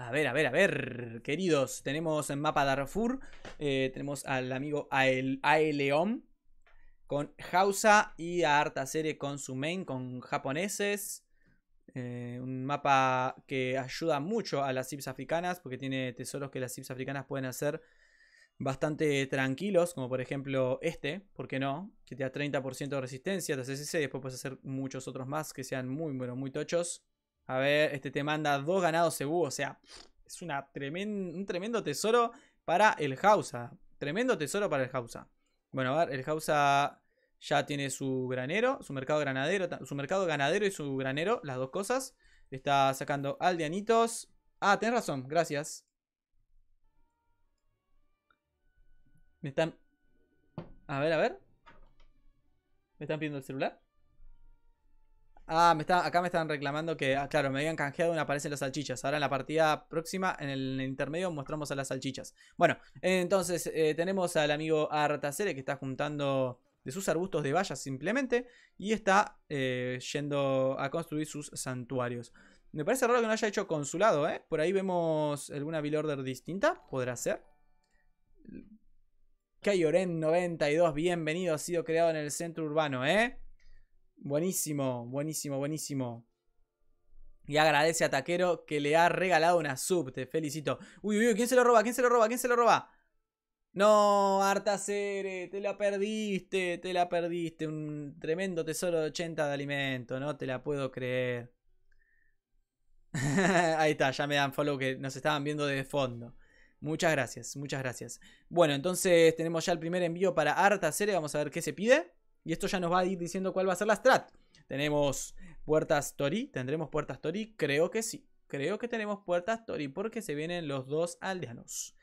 A ver, a ver, a ver, queridos, tenemos en mapa Darfur, eh, tenemos al amigo a Aeleom con Hausa y a harta serie con su main, con japoneses. Eh, un mapa que ayuda mucho a las cips africanas porque tiene tesoros que las cips africanas pueden hacer bastante tranquilos, como por ejemplo este, ¿por qué no? Que te da 30% de resistencia, te ese después puedes hacer muchos otros más que sean muy, bueno, muy tochos. A ver, este te manda dos ganados seguro, O sea, es una un tremendo tesoro para el Hausa. Tremendo tesoro para el Hausa. Bueno, a ver, el Hausa ya tiene su granero, su mercado su mercado ganadero y su granero, las dos cosas. Está sacando aldeanitos. Ah, tenés razón, gracias. Me están... A ver, a ver. ¿Me están pidiendo el celular? Ah, acá me están reclamando que, ah, claro, me habían canjeado y aparecen las salchichas. Ahora en la partida próxima, en el intermedio, mostramos a las salchichas. Bueno, entonces eh, tenemos al amigo Artacere que está juntando de sus arbustos de vallas simplemente y está eh, yendo a construir sus santuarios. Me parece raro que no haya hecho consulado, ¿eh? Por ahí vemos alguna bill order distinta, podrá ser. Kayoren92, bienvenido, ha sido creado en el centro urbano, ¿eh? Buenísimo, buenísimo, buenísimo. Y agradece a Taquero que le ha regalado una sub. Te felicito. Uy, uy, ¿quién se lo roba? ¿Quién se lo roba? ¿Quién se lo roba? No, cere, te la perdiste, te la perdiste. Un tremendo tesoro de 80 de alimento, no te la puedo creer. Ahí está, ya me dan follow que nos estaban viendo de fondo. Muchas gracias, muchas gracias. Bueno, entonces tenemos ya el primer envío para cere, Vamos a ver qué se pide. Y esto ya nos va a ir diciendo cuál va a ser la strat. Tenemos puertas Tori. ¿Tendremos puertas Tori? Creo que sí. Creo que tenemos puertas Tori porque se vienen los dos aldeanos.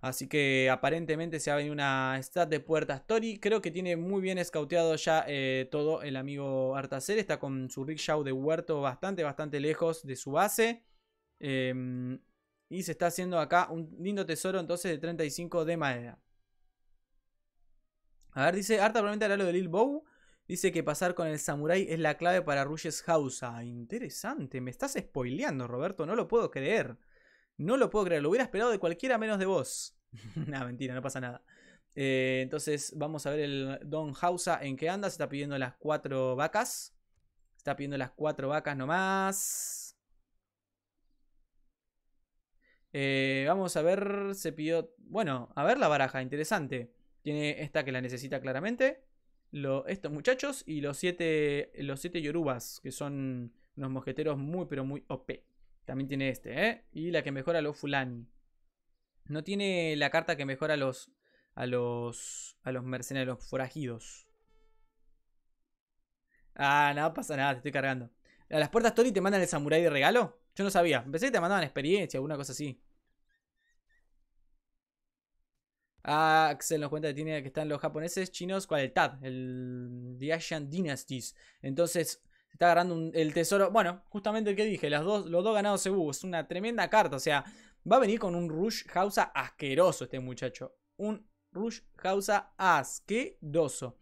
Así que aparentemente se ha venido una strat de puertas Tori. Creo que tiene muy bien escauteado ya eh, todo el amigo Artacer. Está con su rickshaw de huerto bastante, bastante lejos de su base. Em, y se está haciendo acá un lindo tesoro entonces de 35 de madera. A ver, dice, Arta probablemente hará lo de Lil Bow. Dice que pasar con el samurai es la clave para rushes Hausa. Interesante, me estás spoileando, Roberto, no lo puedo creer. No lo puedo creer, lo hubiera esperado de cualquiera menos de vos. nah, mentira, no pasa nada. Eh, entonces, vamos a ver el Don Hausa en qué anda. Se está pidiendo las cuatro vacas. está pidiendo las cuatro vacas nomás. Eh, vamos a ver, se pidió... Bueno, a ver la baraja, interesante. Tiene esta que la necesita claramente. estos muchachos y los siete, los siete yorubas, que son unos mosqueteros muy pero muy OP. También tiene este, ¿eh? Y la que mejora los fulani. No tiene la carta que mejora los, a los, a los mercenarios, forajidos. Ah, no pasa nada, te estoy cargando. ¿A las puertas Tori te mandan el samurái de regalo? Yo no sabía. Pensé que te mandaban experiencia, alguna cosa así. Axel nos cuenta que tiene que están los japoneses, chinos, ¿cuál? El TAD, el The Asian Dynasties. Entonces, está agarrando el tesoro. Bueno, justamente el que dije, los dos, los dos ganados Cebu. Es una tremenda carta. O sea, va a venir con un Rush Hausa asqueroso este muchacho. Un Rush Hausa asqueroso.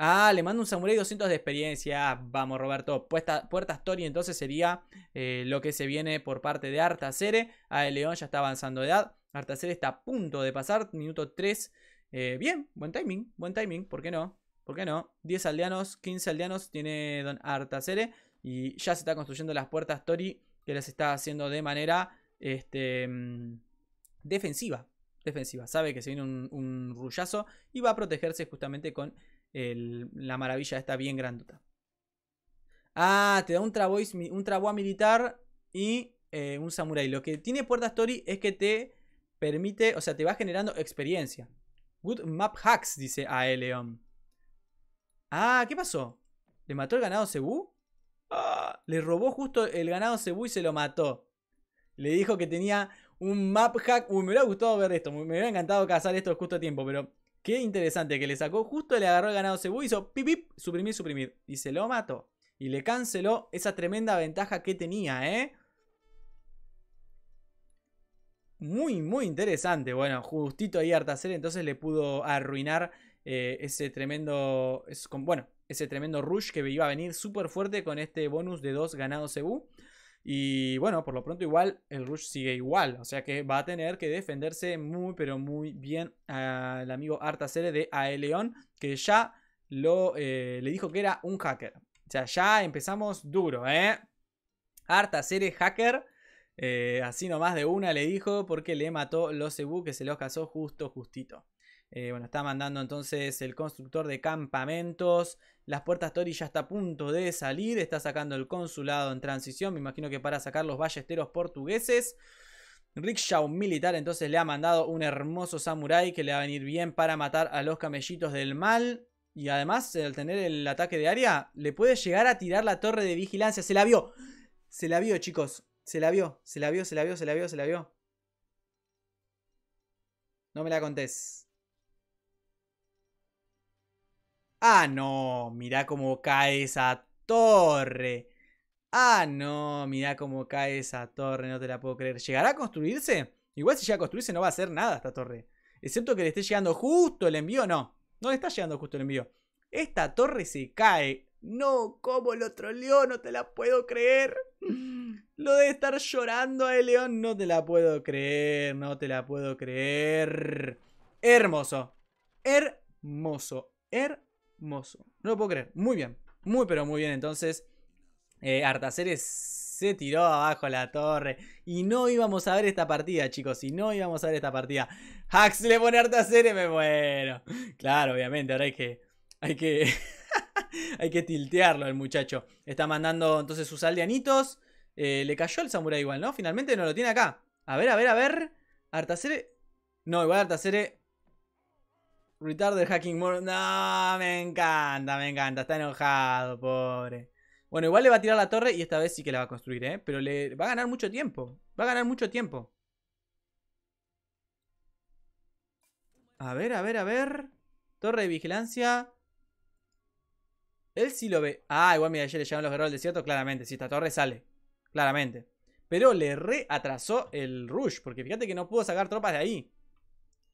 Ah, le mando un Samurai 200 de experiencia. Vamos, Roberto. puerta Story entonces sería eh, lo que se viene por parte de Arta Cere. A ah, el León ya está avanzando de edad. Artacer está a punto de pasar, minuto 3. Eh, bien, buen timing, buen timing, ¿por qué no? ¿Por qué no? 10 aldeanos, 15 aldeanos tiene Don Artacere y ya se está construyendo las puertas Tori que las está haciendo de manera este, mm, defensiva. Defensiva, sabe que se viene un, rullazo y va a protegerse justamente con la maravilla esta bien grandota. Ah, te da un trabois, un traboa militar y eh, un samurai. Lo que tiene puertas Tori es que te permite, o sea, te va generando experiencia. Good map hacks, dice a Ah, ¿qué pasó? ¿Le mató el ganado Cebú? Ah, le robó justo el ganado Cebú y se lo mató. Le dijo que tenía un map hack. Uy, me hubiera gustado ver esto. Me hubiera encantado cazar esto justo a tiempo, pero qué interesante que le sacó justo, le agarró el ganado Cebú y hizo pip, suprimir, suprimir. Y se lo mató. Y le canceló esa tremenda ventaja que tenía, ¿eh? muy, muy interesante. Bueno, justito ahí Cere. entonces le pudo arruinar eh, ese tremendo. Es, bueno, ese tremendo rush que iba a venir súper fuerte con este bonus de 2 ganados Cebu. Y bueno, por lo pronto igual el rush sigue igual. O sea que va a tener que defenderse muy, pero muy bien al amigo Cere de Aeleon. Que ya lo, eh, le dijo que era un hacker. O sea, ya empezamos duro, ¿eh? Cere, hacker así eh, así nomás de una le dijo porque le mató los Ebu que se los casó justo, justito. Eh, bueno, está mandando entonces el constructor de campamentos. Las puertas Tori ya está a punto de salir. Está sacando el consulado en transición. Me imagino que para sacar los ballesteros portugueses. Rickshaw militar entonces le ha mandado un hermoso samurái que le va a venir bien para matar a los camellitos del mal. Y además, al tener el ataque de área, le puede llegar a tirar la torre de vigilancia. Se la vio. Se la vio, chicos. Se la vio, se la vio, se la vio, se la vio, se la vio. No me la contés. Ah, no, mirá cómo cae esa torre. Ah, no, mirá cómo cae esa torre, no te la puedo creer. ¿Llegará a construirse? Igual si llega a construirse no va a hacer nada esta torre. Excepto que le esté llegando justo el envío, no. No le está llegando justo el envío. Esta torre se cae. No, como lo troleó, no te la puedo creer. Lo de estar llorando a León, no te la puedo creer, no te la puedo creer. Hermoso, hermoso, hermoso. No lo puedo creer, muy bien, muy pero muy bien. Entonces, eh, Artaceres se tiró abajo a la torre y no íbamos a ver esta partida, chicos, y no íbamos a ver esta partida. Hax le pone Artaceres, me muero. Claro, obviamente, ahora hay que... Hay que... hay que tiltearlo el muchacho. Está mandando entonces sus aldeanitos. Eh, le cayó el Samurai igual, ¿no? Finalmente no lo tiene acá. A ver, a ver, a ver. Artacere. No, igual Artacere. de Hacking More. No, me encanta, me encanta. Está enojado, pobre. Bueno, igual le va a tirar la torre y esta vez sí que la va a construir, ¿eh? Pero le va a ganar mucho tiempo. Va a ganar mucho tiempo. A ver, a ver, a ver. Torre de vigilancia. Él sí lo ve. Ah, igual mira, ayer le llevan los guerreros del desierto. Claramente, si esta torre sale claramente. Pero le atrasó el rush, porque fíjate que no pudo sacar tropas de ahí.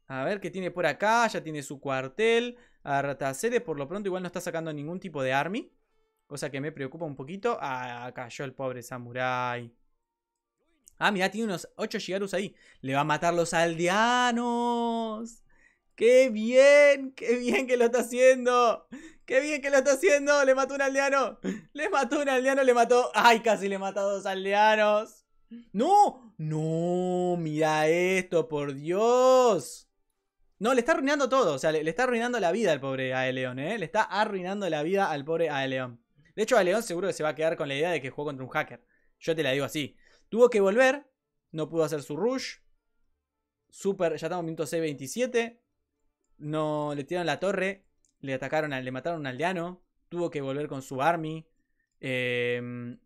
A ver qué tiene por acá, ya tiene su cuartel. A por lo pronto igual no está sacando ningún tipo de army. Cosa que me preocupa un poquito. Ah, cayó el pobre samurai. Ah, mira tiene unos 8 Shigarus ahí. Le va a matar los aldeanos. ¡Qué bien! ¡Qué bien que lo está haciendo! ¡Qué bien que lo está haciendo! ¡Le mató un aldeano! ¡Le mató un aldeano! ¡Le mató! ¡Ay, casi le mató a dos aldeanos! ¡No! ¡No! ¡Mira esto, por Dios! No, le está arruinando todo. O sea, le, está arruinando la vida al pobre León, ¿eh? Le está arruinando la vida al pobre León. De hecho, León seguro que se va a quedar con la idea de que jugó contra un hacker. Yo te la digo así. Tuvo que volver. No pudo hacer su rush. Super, ya estamos en minuto C27. No le tiraron la torre le atacaron, le mataron a un aldeano, tuvo que volver con su army. Eh,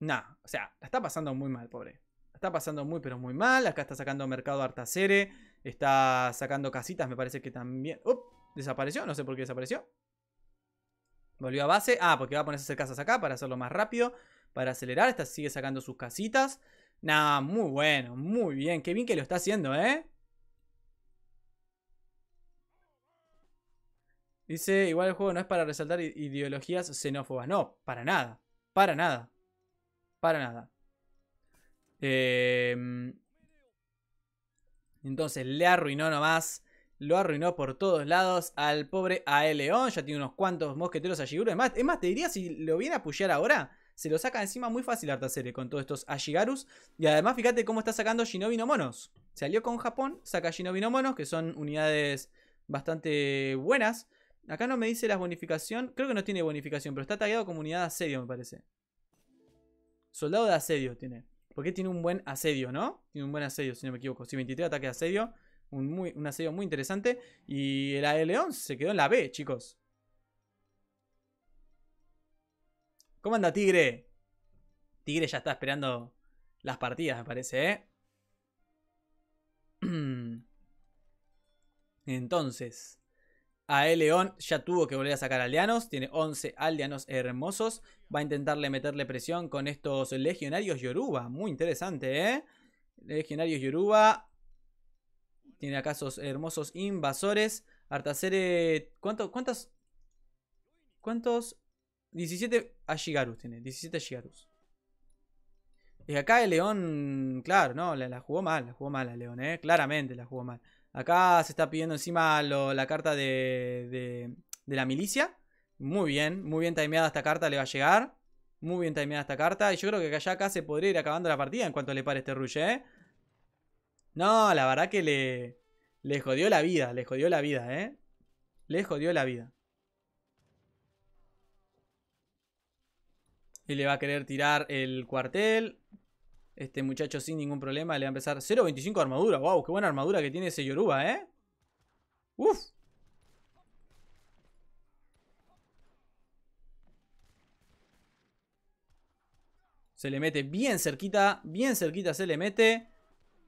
nah, o sea, la está pasando muy mal, pobre. está pasando muy, pero muy mal. Acá está sacando mercado Artacere, está sacando casitas, me parece que también... ¡Up! Desapareció, no sé por qué desapareció. Volvió a base. Ah, porque va a ponerse a hacer casas acá para hacerlo más rápido, para acelerar. Esta sigue sacando sus casitas. Nah, muy bueno, muy bien. Qué bien que lo está haciendo, ¿eh? Dice, igual el juego no es para resaltar ideologías xenófobas. No, para nada. Para nada. Para nada. Em, entonces le arruinó nomás. Lo arruinó por todos lados al pobre A.E. Ya tiene unos cuantos mosqueteros allí. Es más, te diría si lo viene a apoyar ahora. Se lo saca encima muy fácil serie con todos estos Ashigarus. Y además, fíjate cómo está sacando Shinobi no Monos. Salió con Japón, saca Shinobi no Monos, que son unidades bastante buenas. Acá no me dice la bonificación. Creo que no tiene bonificación, pero está tagueado como unidad de asedio, me parece. Soldado de asedio tiene. Porque tiene un buen asedio, ¿no? Tiene un buen asedio, si no me equivoco. Sí, 23 ataque de asedio. Un, asedio muy interesante. Y el AL-11 se quedó en la B, chicos. ¿Cómo anda Tigre? Tigre ya está esperando las partidas, me parece, ¿eh? Entonces, a el León ya tuvo que volver a sacar aldeanos, tiene 11 aldeanos hermosos, va a intentarle meterle presión con estos legionarios Yoruba, muy interesante, ¿eh? Legionarios Yoruba, tiene acá esos hermosos invasores, Artacere, ¿cuántos? cuántos ¿Cuántos? 17 Ashigarus tiene, 17 Ashigarus. Y acá el León, claro, no, la, la jugó mal, la jugó mal a León, ¿eh? Claramente la jugó mal. Acá se está pidiendo encima la carta de, de, la milicia. Muy bien, muy bien timeada esta carta, le va a llegar. Muy bien timeada esta carta. Y yo creo que allá acá se podría ir acabando la partida en cuanto le pare este Ruge. ¿eh? No, la verdad que le, le jodió la vida, le jodió la vida, ¿eh? Le jodió la vida. Y le va a querer tirar el cuartel. Este muchacho sin ningún problema le va a empezar 0.25 armadura. ¡Wow! ¡Qué buena armadura que tiene ese Yoruba, eh! ¡Uf! Se le mete bien cerquita, bien cerquita se le mete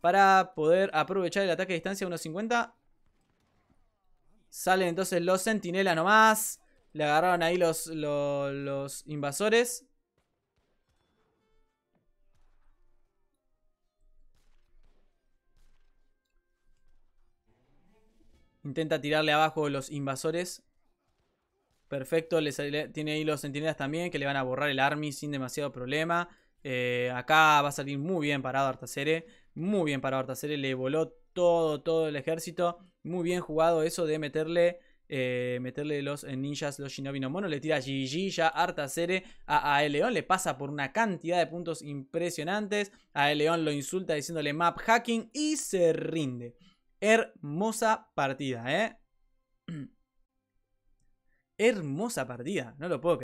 para poder aprovechar el ataque a distancia 1.50. Salen entonces los sentinelas nomás. Le agarraron ahí los, los, los invasores. Intenta tirarle abajo los invasores. Perfecto, tiene ahí los centinelas también que le van a borrar el army sin demasiado problema. Eh, acá va a salir muy bien parado Artacere. Muy bien parado Artacere, le voló todo, todo el ejército. Muy bien jugado eso de meterle... Eh, meterle los eh, ninjas, los shinobi no mono. Le tira GG ya Artacere a, a León. Le pasa por una cantidad de puntos impresionantes. A El León lo insulta diciéndole map hacking y se rinde. Hermosa partida, ¿eh? Hermosa partida, no lo puedo creer.